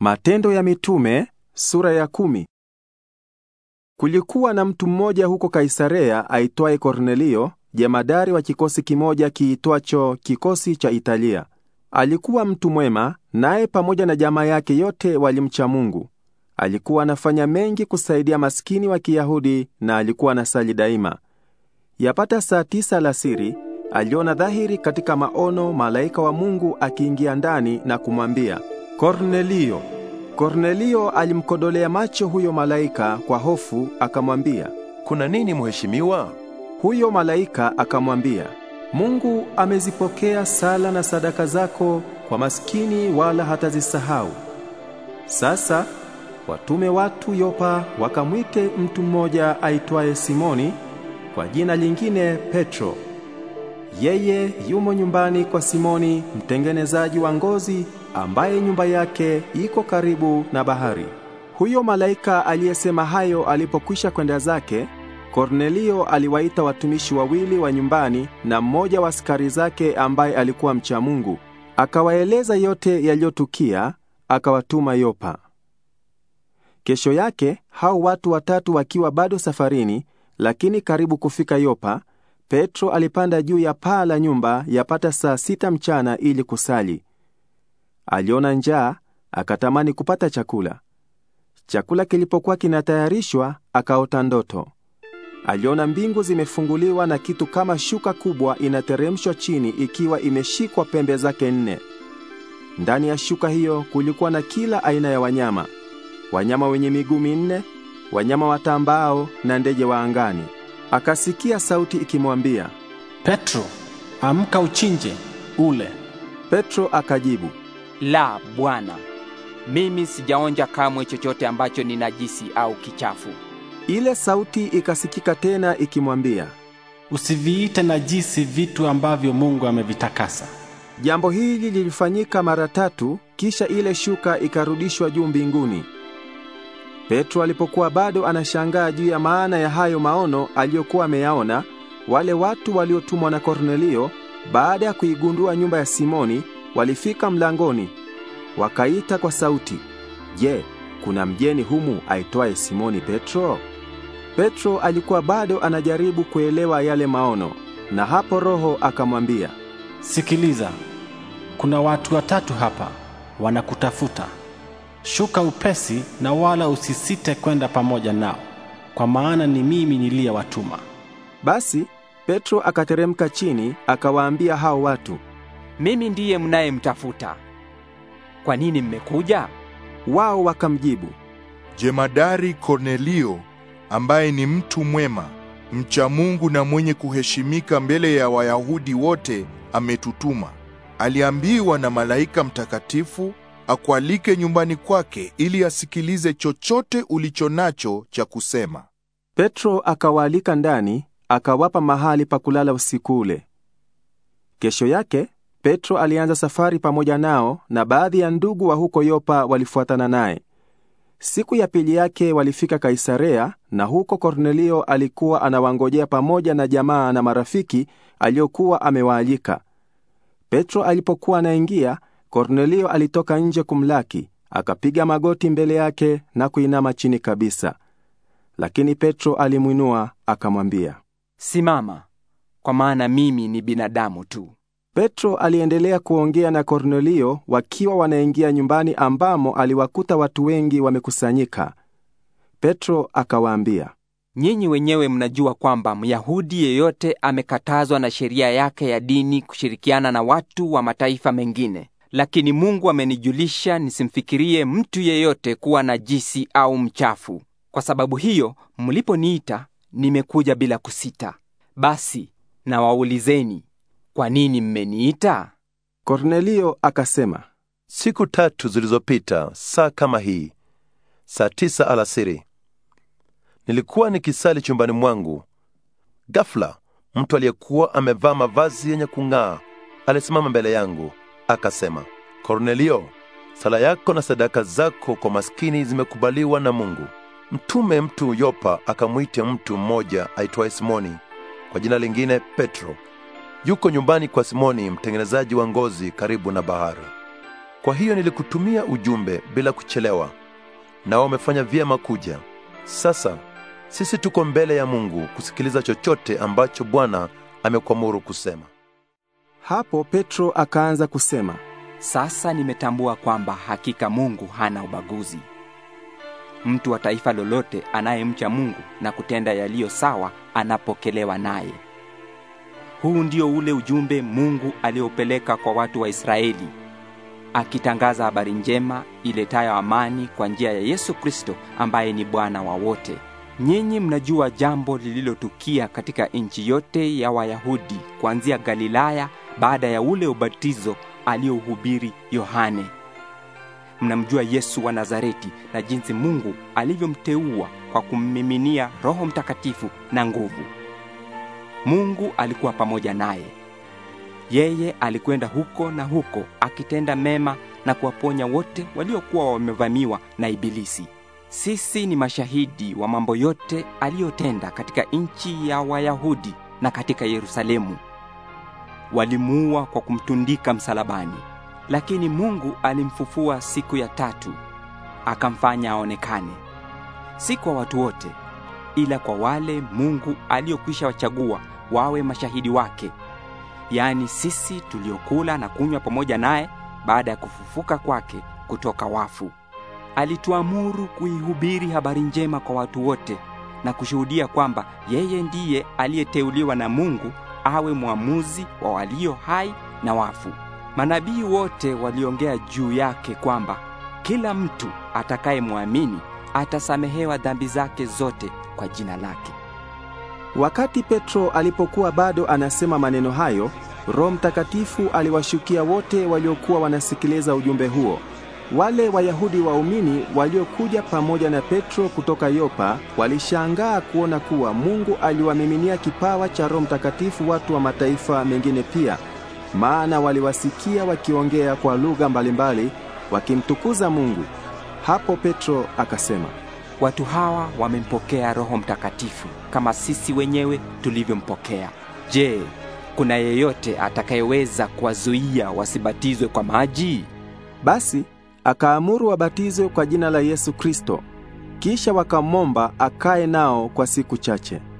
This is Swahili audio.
Matendo ya Mitume sura ya kumi. Kulikuwa na mtu mmoja huko Kaisarea aitwaye Kornelio, jemadari wa kikosi kimoja kiitwacho kikosi cha Italia. Alikuwa mtu mwema, naye pamoja na jamaa yake yote walimcha Mungu. Alikuwa anafanya mengi kusaidia maskini wa Kiyahudi na alikuwa anasali daima. Yapata saa tisa alasiri, aliona dhahiri katika maono malaika wa Mungu akiingia ndani na kumwambia Kornelio. Kornelio alimkodolea macho huyo malaika kwa hofu, akamwambia, kuna nini mheshimiwa? Huyo malaika akamwambia, Mungu amezipokea sala na sadaka zako kwa maskini, wala hatazisahau. Sasa watume watu Yopa wakamwite mtu mmoja aitwaye Simoni, kwa jina lingine Petro. Yeye yumo nyumbani kwa Simoni mtengenezaji wa ngozi ambaye nyumba yake iko karibu na bahari. Huyo malaika aliyesema hayo alipokwisha kwenda zake, Kornelio aliwaita watumishi wawili wa nyumbani na mmoja wa askari zake ambaye alikuwa mcha Mungu. Akawaeleza yote yaliyotukia, akawatuma Yopa. Kesho yake hao watu watatu wakiwa bado safarini, lakini karibu kufika Yopa, Petro alipanda juu ya paa la nyumba yapata saa sita mchana ili kusali. Aliona njaa akatamani kupata chakula. Chakula kilipokuwa kinatayarishwa, akaota ndoto. Aliona mbingu zimefunguliwa na kitu kama shuka kubwa inateremshwa chini ikiwa imeshikwa pembe zake nne. Ndani ya shuka hiyo kulikuwa na kila aina ya wanyama, wanyama wenye miguu minne, wanyama watambao na ndege wa angani akasikia sauti ikimwambia, Petro, amka uchinje ule. Petro akajibu, la Bwana, mimi sijaonja kamwe chochote ambacho ni najisi au kichafu. Ile sauti ikasikika tena ikimwambia, usiviite najisi vitu ambavyo Mungu amevitakasa. Jambo hili lilifanyika mara tatu, kisha ile shuka ikarudishwa juu mbinguni. Petro alipokuwa bado anashangaa juu ya maana ya hayo maono aliyokuwa ameyaona, wale watu waliotumwa na Kornelio, baada ya kuigundua nyumba ya Simoni, walifika mlangoni. Wakaita kwa sauti, "Je, kuna mgeni humu aitwaye Simoni Petro?" Petro alikuwa bado anajaribu kuelewa yale maono, na hapo Roho akamwambia, "Sikiliza, kuna watu watatu hapa wanakutafuta." shuka upesi na wala usisite kwenda pamoja nao, kwa maana ni mimi niliyewatuma. Basi Petro akateremka chini akawaambia hao watu, mimi ndiye mnayemtafuta, kwa nini mmekuja? Wao wakamjibu, jemadari Kornelio, ambaye ni mtu mwema mcha Mungu na mwenye kuheshimika mbele ya Wayahudi wote, ametutuma. Aliambiwa na malaika mtakatifu akualike nyumbani kwake ili asikilize chochote ulicho nacho cha kusema. Petro akawaalika ndani, akawapa mahali pa kulala usiku ule. Kesho yake Petro alianza safari pamoja nao, na baadhi ya ndugu wa huko Yopa walifuatana naye. Siku ya pili yake walifika Kaisarea, na huko Kornelio alikuwa anawangojea pamoja na jamaa na marafiki aliyokuwa amewaalika. Petro alipokuwa anaingia Kornelio alitoka nje kumlaki, akapiga magoti mbele yake na kuinama chini kabisa. Lakini Petro alimwinua akamwambia, "Simama, kwa maana mimi ni binadamu tu." Petro aliendelea kuongea na Kornelio wakiwa wanaingia nyumbani ambamo aliwakuta watu wengi wamekusanyika. Petro akawaambia, "Nyinyi wenyewe mnajua kwamba Myahudi yeyote amekatazwa na sheria yake ya dini kushirikiana na watu wa mataifa mengine." lakini Mungu amenijulisha nisimfikirie mtu yeyote kuwa najisi au mchafu. Kwa sababu hiyo, mliponiita nimekuja bila kusita. Basi nawaulizeni, kwa nini mmeniita? Kornelio akasema, siku tatu zilizopita saa kama hii, saa tisa alasiri, nilikuwa nikisali chumbani mwangu. Ghafla mtu aliyekuwa amevaa mavazi yenye kung'aa alisimama mbele yangu akasema, Kornelio, sala yako na sadaka zako kwa maskini zimekubaliwa na Mungu. Mtume mtu Yopa akamwite mtu mmoja aitwaye Simoni kwa jina lingine Petro. Yuko nyumbani kwa Simoni mtengenezaji wa ngozi karibu na bahari. Kwa hiyo nilikutumia ujumbe bila kuchelewa, nao wamefanya vyema kuja. Sasa sisi tuko mbele ya Mungu kusikiliza chochote ambacho Bwana amekuamuru kusema. Hapo Petro akaanza kusema, sasa nimetambua kwamba hakika Mungu hana ubaguzi. Mtu wa taifa lolote anayemcha Mungu na kutenda yaliyo sawa anapokelewa naye. Huu ndio ule ujumbe Mungu aliopeleka kwa watu wa Israeli, akitangaza habari njema iletayo amani kwa njia ya Yesu Kristo ambaye ni Bwana wa wote. Nyinyi mnajua jambo lililotukia katika nchi yote ya Wayahudi kuanzia Galilaya baada ya ule ubatizo aliyouhubiri Yohane. Mnamjua Yesu wa Nazareti na jinsi Mungu alivyomteua kwa kummiminia Roho Mtakatifu na nguvu. Mungu alikuwa pamoja naye. Yeye alikwenda huko na huko akitenda mema na kuwaponya wote waliokuwa wamevamiwa na Ibilisi. Sisi ni mashahidi wa mambo yote aliyotenda katika nchi ya Wayahudi na katika Yerusalemu walimuua kwa kumtundika msalabani, lakini Mungu alimfufua siku ya tatu, akamfanya aonekane, si kwa watu wote, ila kwa wale Mungu aliyokwisha wachagua wawe mashahidi wake, yaani sisi tuliokula na kunywa pamoja naye baada ya kufufuka kwake kutoka wafu. Alituamuru kuihubiri habari njema kwa watu wote na kushuhudia kwamba yeye ndiye aliyeteuliwa na Mungu awe mwamuzi wa walio hai na wafu. Manabii wote waliongea juu yake kwamba kila mtu atakayemwamini atasamehewa dhambi zake zote kwa jina lake. Wakati Petro alipokuwa bado anasema maneno hayo, Roho Mtakatifu aliwashukia wote waliokuwa wanasikiliza ujumbe huo. Wale Wayahudi waumini waliokuja pamoja na Petro kutoka Yopa walishangaa kuona kuwa Mungu aliwamiminia kipawa cha Roho Mtakatifu watu wa mataifa mengine pia, maana waliwasikia wakiongea kwa lugha mbalimbali wakimtukuza Mungu. Hapo Petro akasema, watu hawa wamempokea Roho Mtakatifu kama sisi wenyewe tulivyompokea. Je, kuna yeyote atakayeweza kuwazuia wasibatizwe kwa maji? Basi akaamuru wabatizwe kwa jina la Yesu Kristo. Kisha wakamwomba akae nao kwa siku chache.